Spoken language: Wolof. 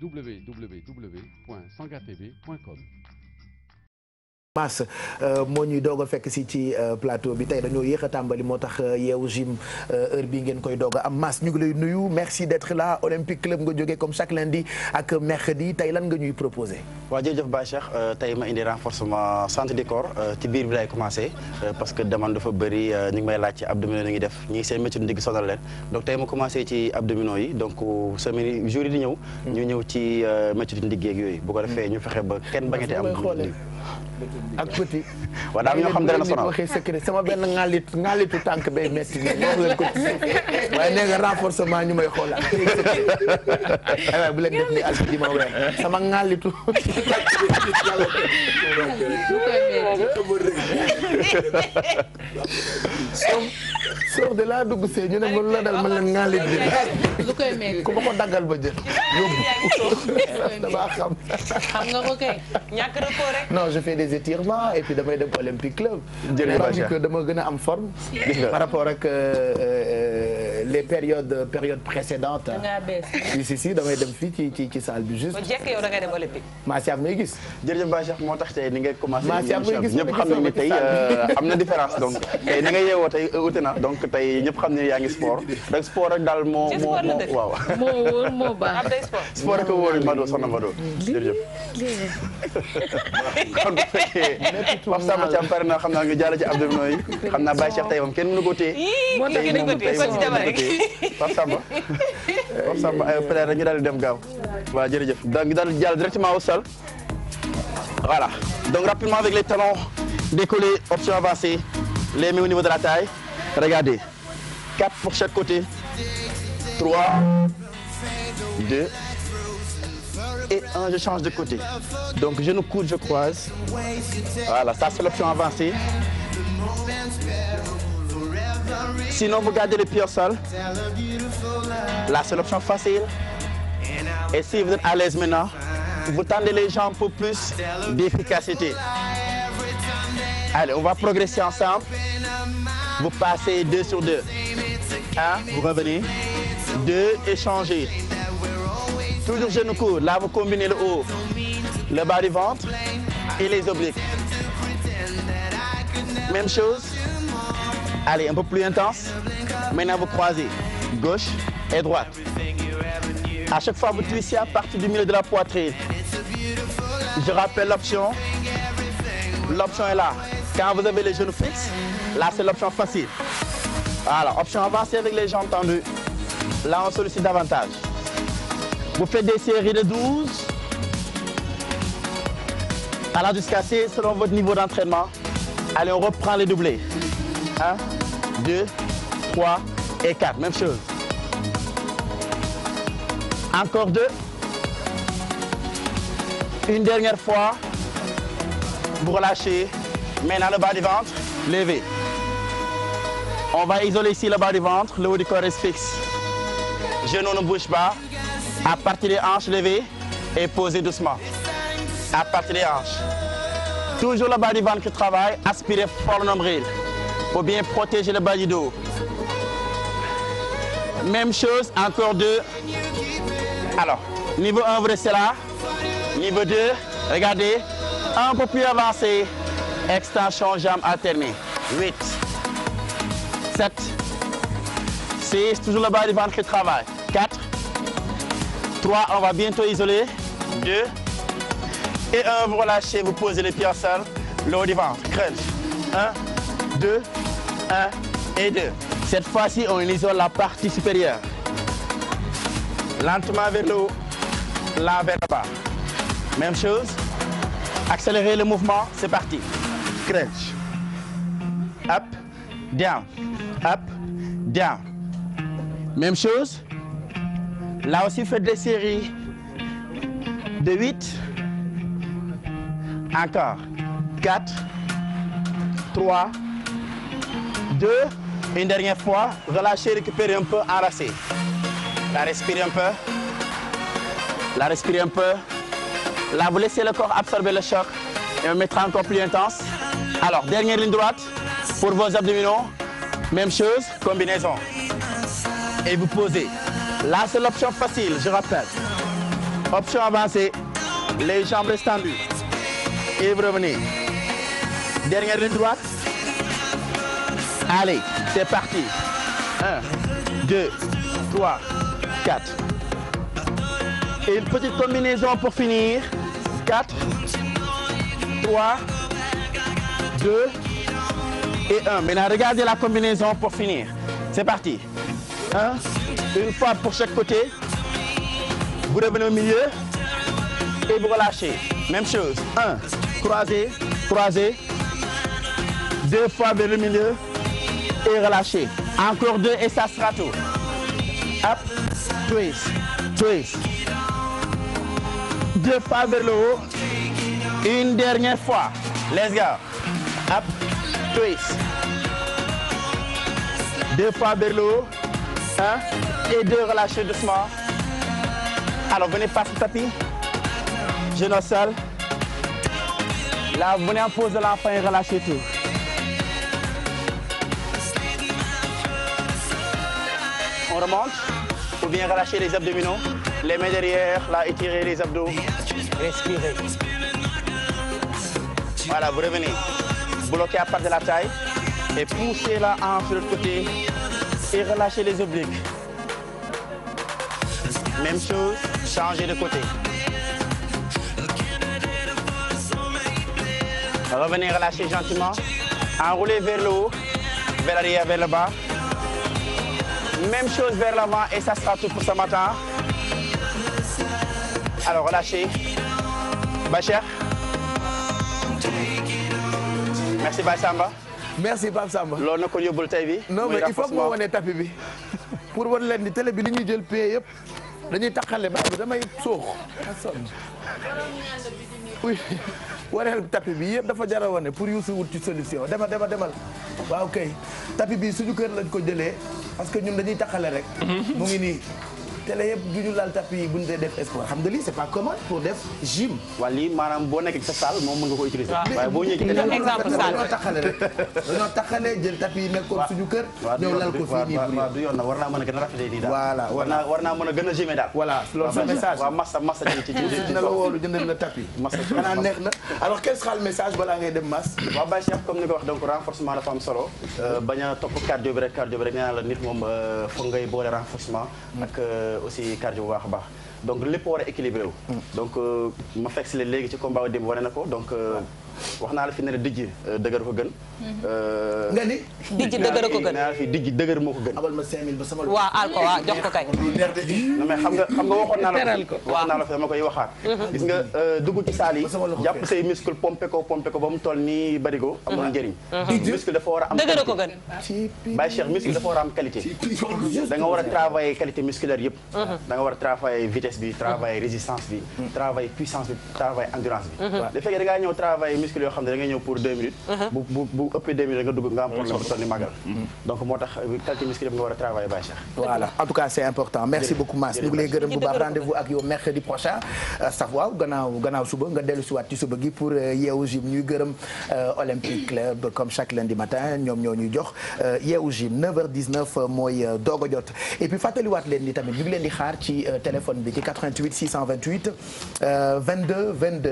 www.sangatv.com. Mass euh, moo ñuy doog a fekk si ci euh, plateau bi tey dañoo yéex a tàmbali moo tax euh, yeewu gym heure bi ngeen koy doog a am Mass ñu ngi lay nuyu merci d'être là Olympique Club nga jógee comme chaque lundi ak mercredi tey nga ñuy proposé. waaw jërëjëf Ba Cheikh tey ma indi renforcement centre du corps tey ma commencé ci abdominaux yi donc semaine jour yi di ñëw. Hmm. ñu ñëw ci métier ndigg yooyu bu defee hmm. ñu fexe ba kenn bañate am. ak petit waaw daa am ñoo xam dana sonal waxee secret sama benn ŋaalit ŋaalitu tànk bay metti ni wax leen ko waaye nee nga renforcement ñu may xoolaat ay sama ŋaalitu sox sox de laa dugg see ñu ne ma la dal ma leen ŋaalit bi lu koy metti ku ma ko daggal ba jël yóbbu damaa xam ñàkk rapport rek je fais des étirements et puis damay dem Olympique Club. jërëjëf que dama gën a am forme. par rapport ak euh, euh, les périodes périodes précédentes. da ngaa bees si si si damay dem fii ci ci ci salle bi juste. bu njëkk yow da ngay dem Olympique. Maasiya may gis. jërëjëf Bacha moo tax tey ni nga commencé. Maasiya may gis ñëpp xam nañu ne tey euh, am na différence donc tey ni nga yeewoo tey ute na donc tey ñëpp xam ne yaa ngi sport rek sport rek daal moo moo waaw. moo wóor moo baax. sport rek wóor Mado soxna Mado jërëjëf. kon bu fekkee Pape Samba Thiam pare na xam naa nga jaarale ci abdominaux yi xam naa Baye Cheikh tey moom kenn mënu ko téye. moo tax kenn mënu ko téye kon ci jabar yi Pape Samba Pape Samba ay pare rek ñu daal di dem gaaw voilà jërëjëf donc ñu daal di jàll directement au sol voilà donc rapidement avec les talons décollés option avancée les mains au niveau de la taille regardez 4 pour chaque côté 3 2 et un, je change de côté. Donc genou coude, je croise. Voilà, ça c'est l'option avancée. Sinon, vous gardez le pied au sol. Là, c'est l'option facile. Et si vous êtes à l'aise maintenant, vous tendez les jambes pour plus d'efficacité. Allez, on va progresser ensemble. Vous passez deux sur deux. Un, vous revenez. Deux, échangez. Toujours genou court. Là, vous combinez le haut, le bas du ventre et les obliques. Même chose. Allez, un peu plus intense. Maintenant, vous croisez gauche et droite. À chaque fois, vous twistez à partir du milieu de la poitrine. Je rappelle l'option. L'option est là. Quand vous avez les genoux fixes, là, c'est l'option facile. Voilà, option avancée avec les jambes tendues. Là, on sollicite davantage. Vous faites des séries de 12. selon votre niveau d'entraînement. on reprend les doublés. et Même chose. Encore deux. Une dernière fois. Vous relâchez. Maintenant, le bas du ventre. Levez. On va isoler ici le bas du ventre. Le haut du corps est fixe. Genou ne bouge pas. À partir des hanches levées et posez doucement. À partir des hanches. Toujours le bas du ventre qui travaille, aspirez fort le nombril pour bien protéger le bas du dos. Même chose, encore deux. Alors, niveau 1, vous restez là. Niveau 2, regardez. Un peu plus avancé. Extension, jambes alternées. 8, 7, 6, toujours le bas du ventre qui travaille. 4, 3, on va bientôt isoler. 2 et 1, vous relâchez, vous posez Le haut du ventre, crunch. 1, 2, 1 et 2. Cette fois-ci, on isole la partie supérieure. Lentement vers le haut, là vers le bas. Même chose. Accélérez le mouvement, c'est parti. Crunch. Up, down, up, Même chose. Là aussi, faites des séries de 8. Encore. 4, 3, 2. Une dernière fois, relâchez, récupérez un peu, enracez. La respirez un peu. La respirez un peu. Là, vous laissez le corps absorber le choc et on mettra encore plus intense. Alors, dernière ligne droite pour vos abdominaux. Même chose, combinaison. Et vous posez. la c'est l'option facile, je rappelle. Option avancée, les jambes restendues. Et vous revenez. Dernière ligne droite. Allez, c'est parti. 1, 2, 3, 4. Et une petite combinaison pour finir. 4, et 1. Maintenant, regardez la combinaison pour finir. C'est parti. Une fois pour chaque côté. Vous revenez au milieu et vous relâchez. Même chose. Un, croisez, Deux fois vers le milieu et relâchez. Encore deux et ça sera tout. Up, twist, twist. Deux fois vers le haut. Une dernière fois. Let's go. Up, twist. Deux fois vers le haut. et deux, relâchez doucement. Alors, venez face au tapis. Genou au sol. Là, venez en pose de l'enfant et relâchez tout. On remonte. Ou bien relâcher les abdominaux. Les mains derrière, là, étirez les abdos. Respirez. Voilà, vous revenez. Bloquez à part de la taille. Et poussez-la en sur l'autre Et relâchez les obliques. Même chose, changer de côté. Revenez relâcher gentiment. Enroulez vers le haut, vers l'arrière, vers le bas. Même chose vers l'avant et ça sera tout pour ce matin. Alors relâchez. Bachir. Merci Baye Samba. merci Pape Samba. loolu na ko yóbbul bi. non il faut que ma wane tapis bi pour wan leen ni télé bi li ñuy jël yëpp. dañuy taxale bi damay soox. oui wareel tapis bi yëpp dafa jar a wane pour Youssou wut ci solution demal demal demal waaw kay tapis bi suñu kër lañ ko jëlee parce que ñun dañuy taxale rek. Mhm. mu ngi nii. télé yëpp du ñu laal tapis yi bu ñu def espoir xam nga lii c'est pas commun pour def gym. waaw lii maanaam boo nekkee sa salle moom mën nga ko utiliser. Ah. waaye boo ñëwee ci télé exemple salle dañoo taxale rek dañoo taxale jël tapis yi nekkoon suñu kër. ñëw lal ko fii nii waaw du yoon na war naa mën a gën a rafetee nii daal. voilà war naa war naa mën a gën a gymé daal. voilà loolu sa message waaw massa massa ci ci ci na la woolu jëndal la tapis. massa xanaa neex na alors quel sera le message balaa ngay dem mass waaw Baye Cheikh comme ni nga wax donc renforcement dafa am solo euh. Euh, bañ a topp cardio bi rek cardio bi rek nee naa la nit moom euh, foog ngay boole renforcement mm. ak aussi cardio bu baax a baax donc lépp war a équilibré wu mm. donc euh, ma fekk si leen léegi ci combat démb wane na ko donc euh, wax naa la fi ne euh, mm-hmm. euh, dijj dëgër ko gën. dijj dëgër moo ko gën. abal ma 5000 ba sama. waaw al ko waaw jox ko kay. mais xam nga xam nga waxoon naa la. fi dama koy waxaat. Mm-hmm. gis nga euh, dugg ci saal jàpp say muscle pompe ko ba mu toll nii barigo. Mm-hmm. amul njëriñ. muscle dafa war a am dëgër ko gën. dafa war a am qualité. da war a travailler qualité yëpp. da war a vitesse bi travailler résistance bi. travailler puissance bi travailler endurance bi. bu fekkee da ñëw travailler minuscule minutes. Uh-huh. bu bu bu minutes nga dugg nga am problème bu toll ni màggal. Mm-hmm. Mm-hmm. donc moo tax euh, qualité minuscule nga war a travailler bàyyi sax. voilà en tout cas c' important merci beaucoup Mass ñu gërëm bu baax rendez ak yow mercredi prochain. Euh, sax waaw gannaaw gannaaw suba nga dellu si ci suba gi pour euh, yeewu gym ñuy gërëm Olympique Club comme chaque lundi matin ñoom ñoo ñuy jox yeewu gym 9h19 mooy doog a jot et leen ni tamit ñu ngi